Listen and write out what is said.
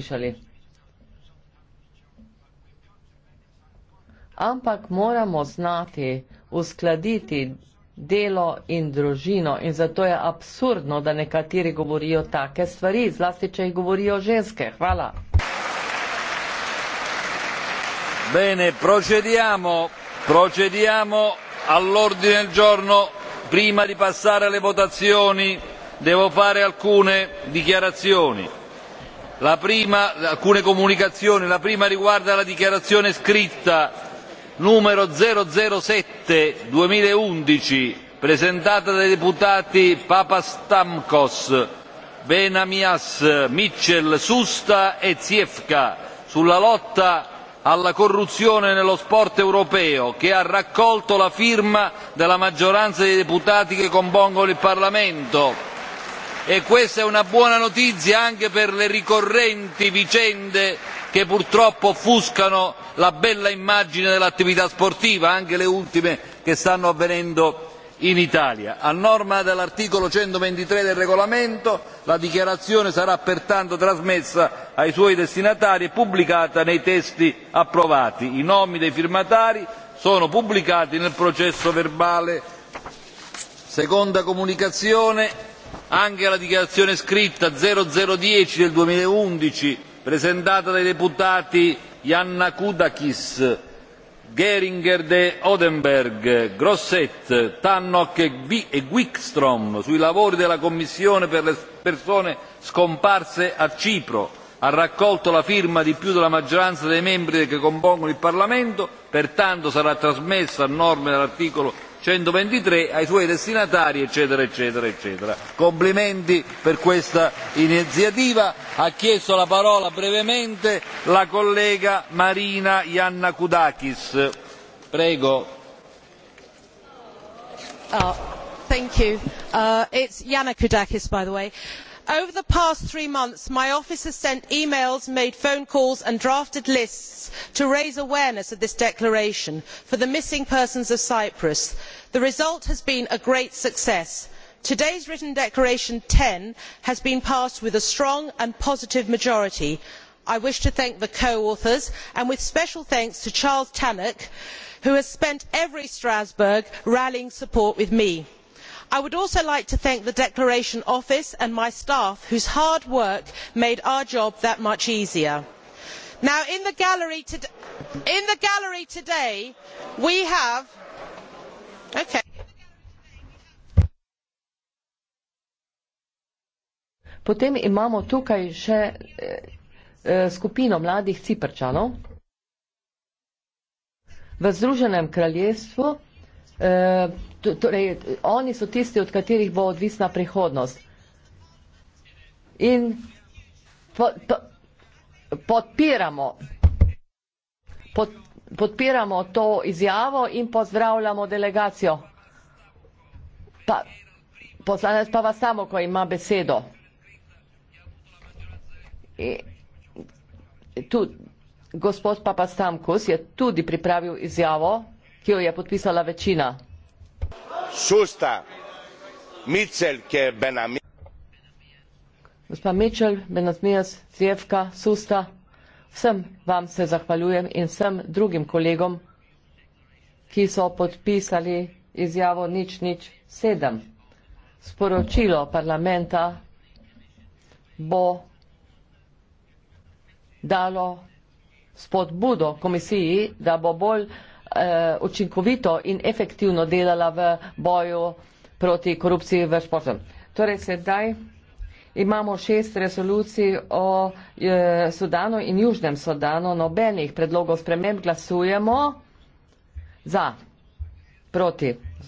slišali. Ampak moramo znati uskladiti delo in družino in zato je absurdno, da nekateri govorijo take stvari, zlasti, če jih govorijo ženske. Hvala. Bene, procediamo, procediamo all'ordine del giorno. Prima di passare alle votazioni devo fare alcune dichiarazioni. La prima, alcune comunicazioni, la prima riguarda la dichiarazione scritta numero 007-2011 presentata dai deputati Papastamkos, Benamias, Mitchell, Susta e Ziefka sulla lotta alla corruzione nello sport europeo che ha raccolto la firma della maggioranza dei deputati che compongono il Parlamento e questa è una buona notizia anche per le ricorrenti vicende che purtroppo offuscano la bella immagine dell'attività sportiva anche le ultime che stanno avvenendo in Italia. A norma dell'articolo 123 del regolamento la dichiarazione sarà pertanto trasmessa ai suoi destinatari e pubblicata nei testi approvati. I nomi dei firmatari sono pubblicati nel processo verbale. Seconda comunicazione anche la dichiarazione scritta 0010 del 2011 presentata dai deputati Janna Kudakis, Geringer de Odenberg, Grosset, Tannock e, e Wickstrom sui lavori della Commissione per le persone scomparse a Cipro ha raccolto la firma di più della maggioranza dei membri che compongono il Parlamento, pertanto sarà trasmessa a norma dell'articolo 126 del Regolamento. 123 ai suoi destinatari eccetera eccetera eccetera. Complimenti per questa iniziativa. Ha chiesto la parola brevemente la collega Marina Iannakudakis. Prego. Oh, thank you. Uh, it's Yana Kudakis, by the way over the past three months my office has sent emails made phone calls and drafted lists to raise awareness of this declaration for the missing persons of cyprus. the result has been a great success. today's written declaration ten has been passed with a strong and positive majority. i wish to thank the co authors and with special thanks to charles tannock who has spent every strasbourg rallying support with me i would also like to thank the declaration office and my staff whose hard work made our job that much easier. in the gallery today we have Eh, torej, oni so tisti, od katerih bo odvisna prihodnost. In po, po, podpiramo, pod, podpiramo to izjavo in pozdravljamo delegacijo. Pa, poslanec pa vas samo, ko ima besedo. In, e, tu, gospod Papastamkus je tudi pripravil izjavo ki jo je podpisala večina. Šusta, Mičel, ki je Benami. Gospa Mičel, Benasmijas, Cijevka, Susta, vsem vam se zahvaljujem in vsem drugim kolegom, ki so podpisali izjavo nič nič sedem. Sporočilo parlamenta bo dalo spodbudo komisiji, da bo bolj Eh, učinkovito in efektivno delala v boju proti korupciji v športu. Torej, sedaj imamo šest resolucij o eh, Sudanu in Južnem Sudanu, nobenih predlogov sprememb glasujemo za, proti.